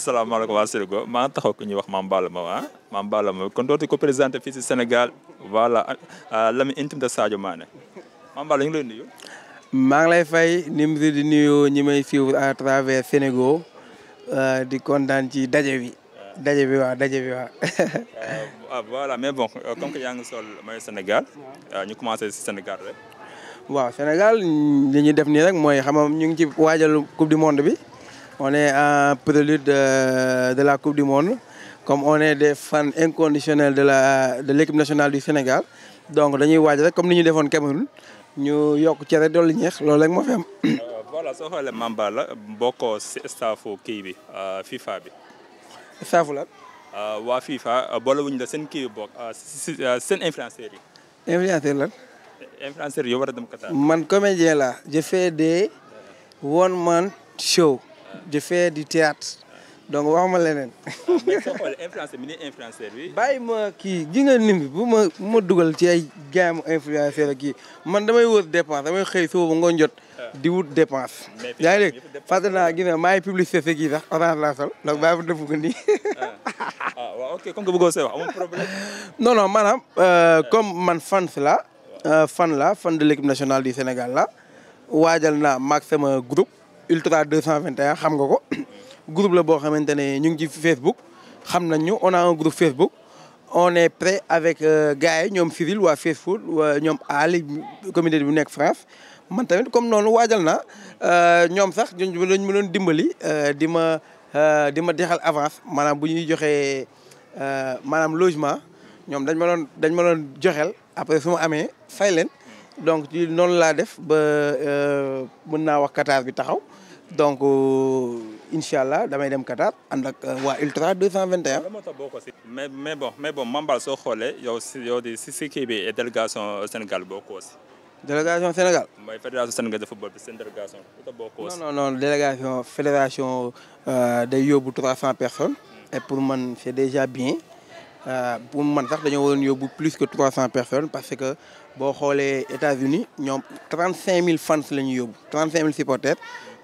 salaamaaleykum waa Sénégal maa taxaw ku wax maam Balla Mao ah maam kon dootu ko présenté fii si Sénégal voilà euh, l'ami intime de Sadio Mané maam Balla ñu ngi lay nuyu. maa ngi lay fay ni mu di nuyu ñi may suivre à travers Sénégal euh, di kon daan ci daje bi. daje bi waaw daje bi waaw. Euh, ah voilà mais bon comme que yaa ngi sol mooy Sénégal ñu commencé si Sénégal rek. waaw Sénégal li ñuy def nii rek mooy xam ñu ngi ci waajal coupe du monde bi. on est en prélude de, euh, de, la Coupe du Monde. Comme on est des fans inconditionnels de la de l'équipe nationale du Sénégal, donc dañuy waaj rek comme ni ñu defoon Cameroun ñu yokk cere dolli ñeex loolu rek moo fi am. soo xoolee Mamba la bokkoo si staffu kii bi euh, FIFA bi. staffu la. Euh, waa FIFA boolewuñu la seen kii bokk seen influenceurs yi. influenceurs lan. influenceurs yi war a dem Qatar. man la je fais des one man show. di fee di théâtre donc waxuma leneen. Ah, mais soo bi ni influenceur bi. bàyyi ma kii gi nga nim bu ma dugal ci ay gaamu influenceur ak kii man damay wër dépense damay xëy suba ba ngoon jot. Ah. di wut dépense. yaa ngi dégg naa gis nga maa ngi kii sax orange laa sol donc bàyyi ma def nii. ah, ah waaw euh, comme man fan la euh, fan la fan de l' équipe nationale du Sénégal la waajal naa maag sama groupe. Ultra 221 xam nga ko groupe la boo xamante ne ñu ngi ci Facebook xam nañ ñu on group un groupe Facebook on est prêt avec euh, gars yi ñoom Cyril waa Facebook waa ñoom Ali communauté bu nekk France man tamit comme noonu waajal na euh, ñoom sax dañ ma doon dimbali euh, di ma di ma dexal avance maanaam bu ñuy joxee maanaam logement ñoom dañ ma doon dañ ma doon joxel après su ma amee fay leen donc ci noonu laa def ba mën naa wax Qatar bi taxaw donc euh, incha allah damay dem Qatar ànd ak euh, waa Ultra 221. mais mais bon mais bon Mambal soo xoolee yow si yow di si si kii bi délégation euh, Sénégal boo aussi. délégation Sénégal. mooy fédération Sénégal de football bi seen délégation bi bokkoo aussi. non non délégation fédération day yóbbu 300 personnes. Hmm. et pour man c'est déjà bien. pour man sax dañoo waroon yóbbu plus que 300 personnes parce que boo xoolee États-Unis ñoom mille fans la ñu yóbbu 35000 supporters.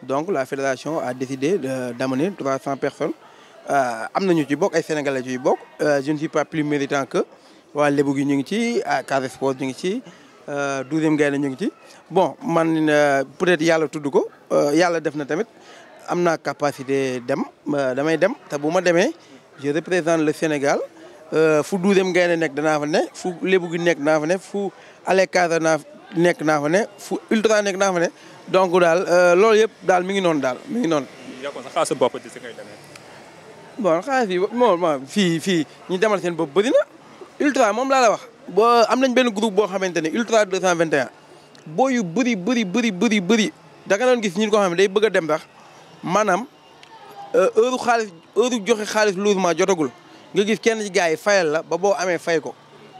donc la fédération a décidé euh, d'amener 300 personnes euh, am nañu ci bokk ay sénégalais yu bokk euh, je ne suis pas plus méritant que waa Lebu gi ñu ngi ci Casa Sport ñu ngi ci douzième Gaïndé ñu ngi ci bon man peut-être yàlla tudd ko yàlla def na tamit am naa capacité dem damay dem te bu ma demee je représente le Sénégal fu douzième Gaïndé nekk danaa fa ne fu Lebu gi nekk naa fa ne fu Allez Casa naa nekk naa fa ne fu Ultra nekk naa fa ne donc daal euh, loolu yëpp daal mi ngi noonu daal mi ngi noon yokk sa bopp di si bon xaalis bi moom fii fii ñu demal seen bopp bëri na. ultra moom laa la wax. boo am nañ benn groupe boo xamante ne ultra 221. boo yu bëri bëri bëri bëri bëri da nga doon gis ñun koo xam ne day bëgg a dem sax maanaam euh, heure xaalis heure joxe xaalis lourdement jotagul nga gis kenn ci gars yi fayal la ba boo amee fay ko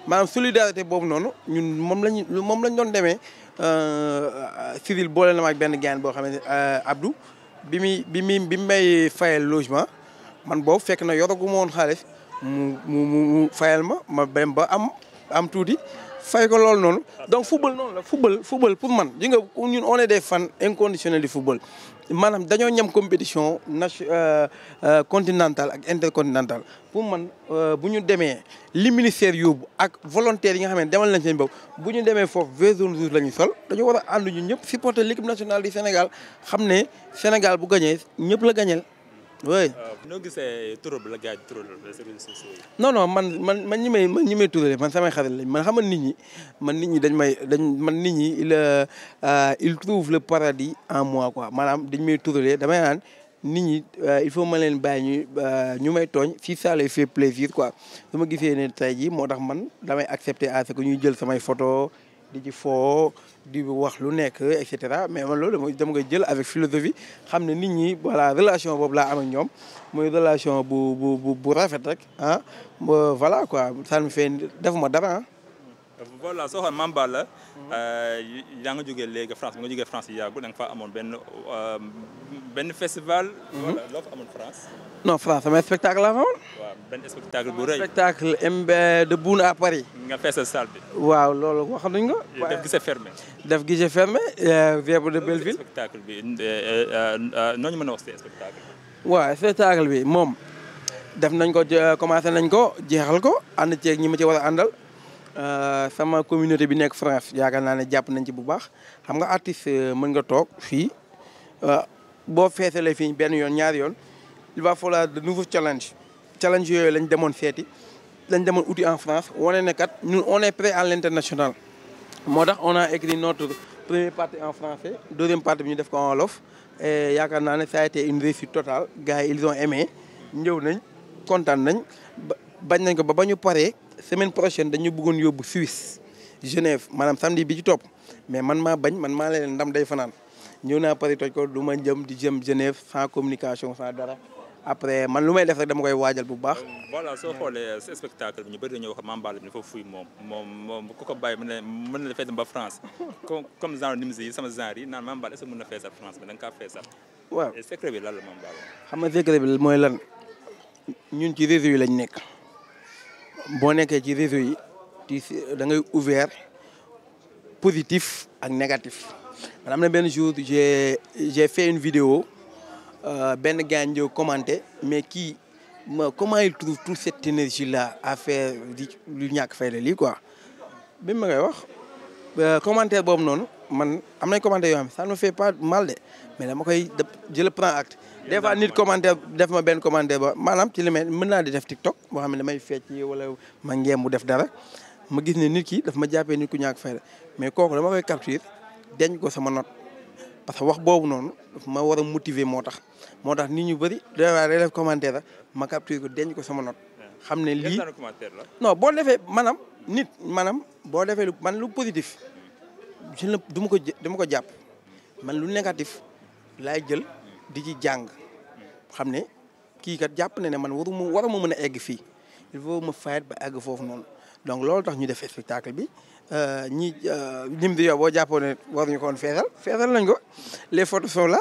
maanaam solidarité boobu noonu ñun moom lañ moom lañ doon demee. Euh, Cyril boole na ma ak benn gaan boo xam ne euh, Abdou bi muy bi muy bi may fayal logement man boobu fekk na yoragu ma woon xaalis mu mu mu fayal ma ma dem ba am am tuuti fay ko loolu noonu. donc football noonu la football football pour man ji nga ñun on est des fans inconditionnels du football. maanaam dañoo ñam compétition nation euh, euh, continentale ak intercontinentale pour man euh, bu ñu demee li ministère yóbbu ak volontaires yi nga xam ne demal nañ seen bopp bu ñu demee foofu vingt jours la ñu sol dañu war a ànd ñun ñëpp supporter l'équipe nationale du Sénégal xam ne Sénégal bu gañee ñëpp la gañeel oui. Euh, noo gisee turul la gars yi la réseaux sociaux yi. non non man man man ñi may ñi may turale man samay xarit lañ man xam nit ñi man nit ñi dañ may dañ man nit ñi il euh, euh, il trouve le paradis en mois quoi maanaam dañ may turale damay naan nit ñi il faut ma leen bàyyi ñu ñu may tooñ si ça leur fait plaisir quoi su ma gisee ne tey jii moo tax man damay accepter à ce ñuy jël samay photo di ci foo di wax lu nekk et cetera mais man loolu mooy dama nga jël avec philosophie xam ne nit ñi voilà relation boobu laa am ñoom muy relation bu bu bu rafet rek ah voilà quoi ça me def ma dara ah. voilà soo xam Mame Balla euh, yaa nga jógee léegi France bi nga jógee France yi yàggul da fa amoon benn euh, benn festival. Mm-hmm. voilà amoon France. non Fra samay spectacle laa spectacle bu rëy. spectacle de Boune à Paris. nga bi. waaw loolu wax nañ ko. def guichet fermé. def guichet fermé euh, Vieux de Belleville. bi euh, euh, noo ñu mën a wax waaw spectacle bi moom def nañ ko commencé nañ ko jeexal ko ànd ceeg ñi ma ci war a àndal. sama communauté bi nekk France yaakaar naa ne jàpp nañ ci bu baax xam nga artiste mën nga toog fii boo feesalee fii benn yoon ñaari yoon. il va falloir de nouveaux challenges challenge yooyu lañ demoon seeti lañ demoon uti en France wane ne kat ñun on est prêt à l'international moo tax on a écrit notre première partie en français deuxième partie bi ñu def ko en wolof et yaakaar naa ne ça a été une réussite totale gars yi ils ont aimé ñëw nañ kontaan nañ bañ nañ ko ba ba ñu paree semaine prochaine dañu bëggoon yóbbu Suisse Genève maanaam samedi bi ci topp mais man maa bañ man maa leen ndam day fanaan ñëw naa Paris toj ko du ma jëm di jëm Genève sans communication sans dara après man lu may def rek dama koy waajal bu baax. Euh, voilà soo xoolee euh, si spectacle bi ñu bëri dañoo wax Mame Balla bi dafa fuy moom moom moom ku ko bàyyi mën na mën na fee dem ba France comme comme genre nims yi sama genre yi naan Mame Balla est-ce que mën na feesal France bi da nga kaa feesal. waaw secret bi la bi ñun ci réseau yi lañ nekk boo nekkee ci réseau yi ci da ngay ouvert positif ak négatif man am na benn jour j'ai j'ai fait une vidéo Euh, benn gars ñëw mais kii ma comment il trouve toute cette énergie là à faire di lu ñàkk fay la lii quoi bi ma koy wax euh, commentaire boobu noonu man am nañ commentaire yoo xam ne ça ne fait pas mal de mais dama koy jël prend acte des fois nit commentaire def ma benn commentaire ba maanaam ci mën naa di def TikTok boo xam ne damay fecc wala ma ngeem mu def dara ma gis ne nit ki daf ma jàppee nit ku ñàkk fay la mais kooku dama koy capture denc ko sama note parce que wax boobu noonu ma war a motiver moo tax moo tax nit ñu bëri day waaye day def commentaire ma capture ko denc ko sama not xam ne lii non boo defee maanaam nit maanaam boo defee lu man lu positif je ne du ma ko dama ko jàpp man lu négatif laay jël di ci jàng xam ne kii kat jàpp na ne man waru ma waru ma mën a egg fii il faut ma fayet ba àgg foofu noonu donc loolu tax ñu def spectacle bi euh, ñi lim bi yow boo jàppoo ne waruñu koon woon feesal feesal nañ ko les photos sont là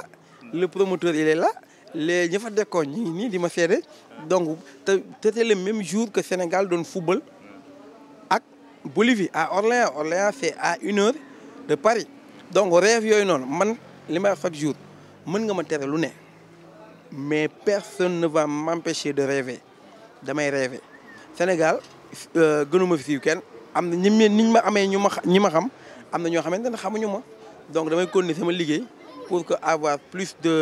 le promoteur il est la les ñi fa dekkoon ñi nii di ma seede donc te c'était le même jour que Sénégal doon football ak Bolivie à Orléans Orléans c'est à une heure de Paris donc rêve yooyu noonu man li may wax chaque jour mën nga ma tere lu ne mais personne ne va m'empêcher de rêver damay rêver Sénégal Euh, gënuma fi siiw kenn am na ñi niñ ma amee ñu ma ñi xam am na ñoo xamante ne xamuñu ma donc damay continuer sama liggéey pour que avoir plus de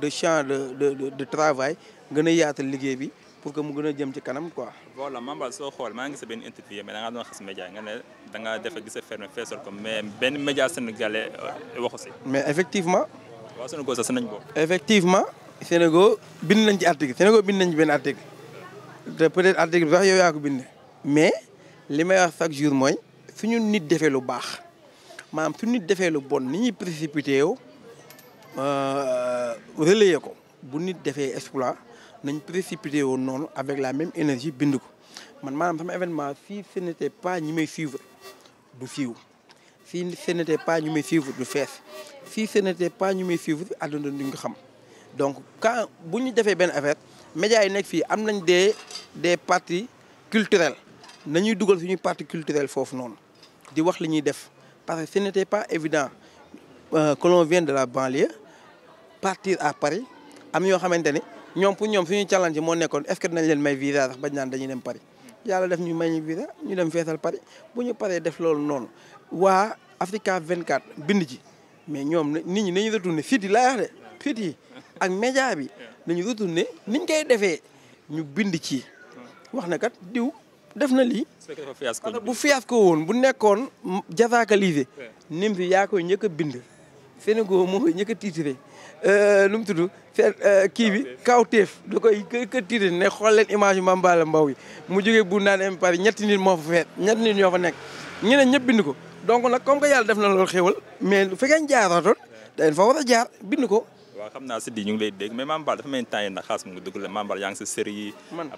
de champ de de de travail gën a yaatal liggéey bi pour que mu gën a jëm ci kanam quoi. voilà Mamba soo xool maa ngi gis benn interview mais da ngaa doon xas média nga ne da ngaa def gis ferme feesal ko mais benn média sénégalais euh, waxu si. mais effectivement. Sénégal sax nañ ko. effectivement Sénégal bind nañ ci article Sénégal bind nañ benn article te peut article bi sax yow yaa ko bindee. mais li may wax chaque jour mooy fi ñu nit defee lu baax maanaam fi nit defee lu bon ni ñuy précipité yow euh, relayer ko bu nit defee exploit nañ précipité woon noonu avec la même énergie bind ko man maanaam sama événement si ce pas ñi may suivre du siiw si ce n'était pas ñu may suivre du fees si ce n'était pas ñu may suivre àdduna duñ ko xam donc quand bu ñu defee benn affaire médias yi nekk fii am nañ des des parties culturelles nañuy dugal suñu partie culturelle foofu noonu di wax li ñuy def parce que ce n'était pas évident euh, que l'on de la banlieue partir à Paris am ñoo xamante ne ñoom pour ñoom suñuy challenge moo nekkoon est-ce que dinañ may visa sax bañ naan dañuy dem Paris yàlla def ñu may ñu visa ñu dem feesal Paris bu ñu paree def loolu noonu waa Africa 24 bind ci mais ñoom nit ñi nañu retourné site yi laay de site yi ak média bi nañu retourné niñ koy defee ñu bind ci wax na kat diw def na lii. bu fiyasko woon bu nekkoon jafaaka liive nim fi yaa koy njëkk a bind. Sénégal moo koy njëkk a tiitre euh, nu mu tudd euh, kii bi kawteef da koy njëkk a tiitre ne xool leen image yu Mambala Mbow yi mu jógee bu moo fa feet ñetti nit ñoo fa nekk ñeneen ñëpp bind ko donc nag comme que yàlla def na loolu xéwal mais bu fekkee jaaratoon dañ fa a jaar bind ko. waaw xam yaa ngi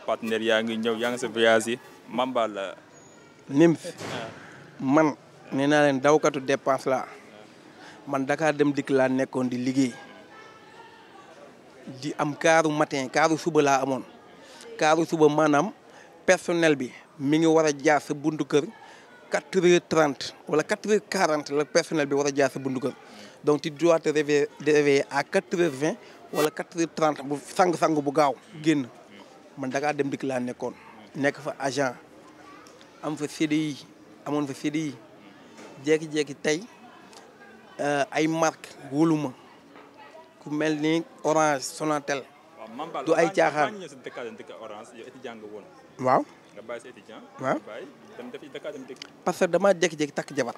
partenaire yaa ngi ñëw yaa ngi sa voyage yi. Mambal. nim fi ah. man nee naa leen dawkatu dépense la man Dakar dem dikk laa nekkoon di liggéey di am kaaru matin kaaru suba laa amoon kaaru suba maanaam personnel bi mi ngi war a jaar sa buntu kër quatre heures wala quatre la personnel bi war a jaar sa buntu kër donc tu dois te réveiller réveiller à quatre heures vingt wala quatre heures bu sang-sang bu gaaw génn man Dakar dem dikk laa nekkoon nekk fa agent am fa CDI amoon fa CDI jékki-jékki tey euh, ay marque wóoluma ku mel ni Orange Sonatel. du ay caaxaan waaw. waaw. parce que dama jékki-jékki takk jabar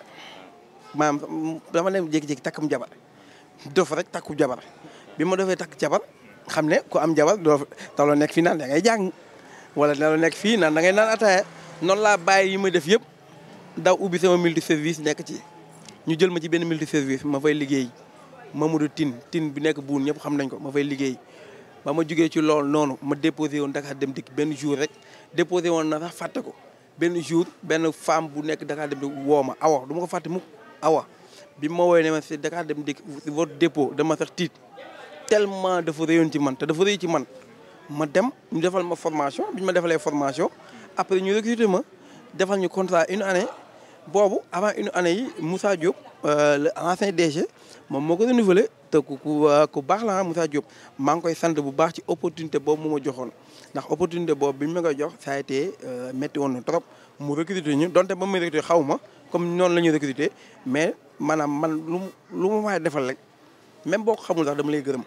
maanaam dama leen jékki-jékki takkam jabar dof rek takku jabar bi ma dofee takk jabar xam ne ku am jabar doo taloo nekk fi naan da ngay jàng. wala dina la nekk fii naan da naan ataaya noonu laa bàyyi yi ma def yëpp daw ubbi sama multi service nekk ci ñu jël ma ci benn multi service ma fay liggéey ma Mamadou Tine Tine bu nekk buun ñëpp xam nañ ko ma fay liggéey ba ma jógee ci loolu noonu ma déposé woon Dakar dem dikk benn jour rek déposé woon na sax fàtte ko benn jour benn femme bu nekk Dakar dem dikk woo ma awa du ma ko fàtte mukk awa bi ma woowee ne ma si Dakar dem dikk votre dépôt dama sax tiit tellement dafa réyoon ci man dafa réy ci man ma dem ñu defal ma formation bi ma defalee formation après ñu recruté ma defal ñu contrat une année boobu avant une année yi Moussa Diop euh, le ancien DG moom moo ko renouvelé te ku euh, ku baax la Moussa Diop maa ngi koy sant bu baax ci opportunité boobu mu ma joxoon ndax opportunité boobu bi ñu ma nga jox ça a été euh, métti woon na trop mu recruté ñu donte ba muy recruté xaw ma comme noonu la ñuy recruté mais maanaam man lu lu ma waay defal rek même boo ko xamul sax dama lay gërëm.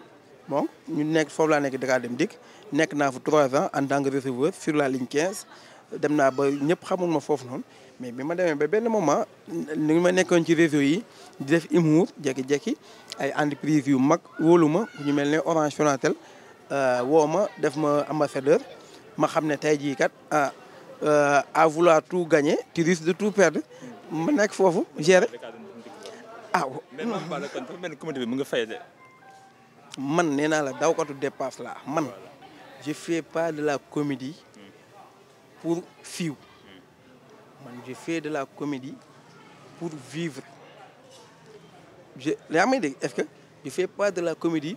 donc ñu nekk foofu laa nekk Dakar Dem Dikk nekk naa fa trois ans en tant que receveur sur la ligne 15 dem naa ba ñëpp xamul ma foofu noonu mais bi ma demee ba benn moment ni ma nekkoon ci réseau yi def humour jekki-jekki ay entreprise yu mag wóolu ma ñu mel ne Orange Sonatel euh, woo ma def ma ambassadeur ma xam ne tey jii kat ah euh, à vouloir tout gagner tu risques de tout perdre ma nekk foofu gérer ah. mais man Ba la mu nga fay de. man nee naa la dawkatu dépasse la man je fais pas de la comédie pour fiw man je de la comédie pour vivre je yaa may est-ce que je fais pas de la comédie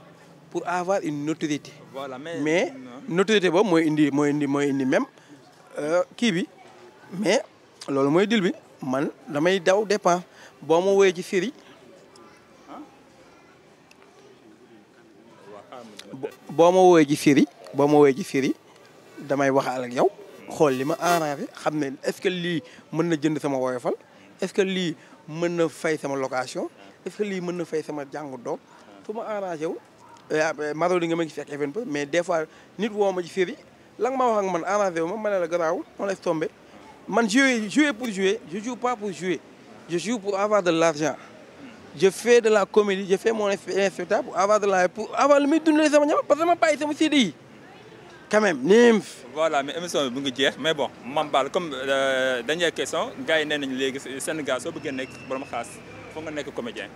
pour avoir une notoriété. voilà mais mais notoriété boobu mooy indi mooy indi mooy indi même euh, kii bi mais loolu mooy dil bi man damay daw dépend boo ma woowee ci série boo ma woowee ji firi boo ma woowee ji firi damay waxal ak yow xool li ma arrangé xam ne est-ce que lii mën na jënd sama woyofal est-ce que lii mën na fay sama location est lii mën na fay sama jàngu doom su ma arrangé wu eh, ah, eh, maro li nga ma gis ak even mais des fois nit woo ma ji firi la ma wax man arrangé wu ma ma ne la garaawul man jouer pour jouer je joue pas pour jouer je joue pour avoir de l'argent je fais de la comédie je fais mon spectacle avant de la pour avant lu muy dundalee yi mu ngi jeex mais bon Mame Balla comme euh, dernière question gars yi nee nañu léegi Sénégal soo bëggee nekk borom xaas foog nga nekk comédien.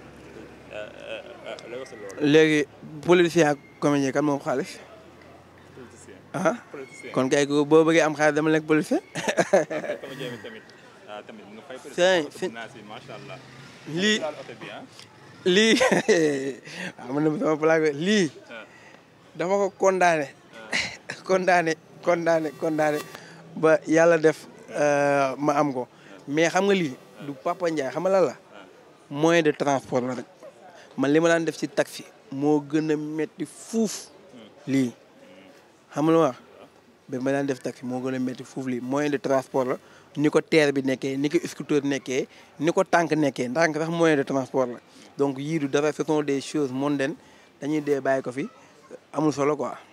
Euh, euh, léegi politicien ak comédien kan moom xaalis. Ah? kon gars boo bëggee am xaalis dama nekk politicien. comédien bi tamit ah tamit nga fay. macha allah. lii ah. lii waaw man dama sama plaque lii ah. dama ko kondaane ah. condamné condamné condamné ba yàlla def euh, ma am ko mais xam nga lii du Papa Ndiaye xam nga la moyen de transport la rek li ma daan def ci taxi moo gën a metti fuuf hmm. lii hmm. xam nga lu ba ma daan def taxi moo gën a métti foofu lii moyen de transport la ni ko terre bi nekkee ni ko scooter nekkee ni ko tànk nekkee ndànk sax moyen de transport la donc yiidu du dara ce sont des choses mondaines dañuy dee bàyyi ko fi amul solo quoi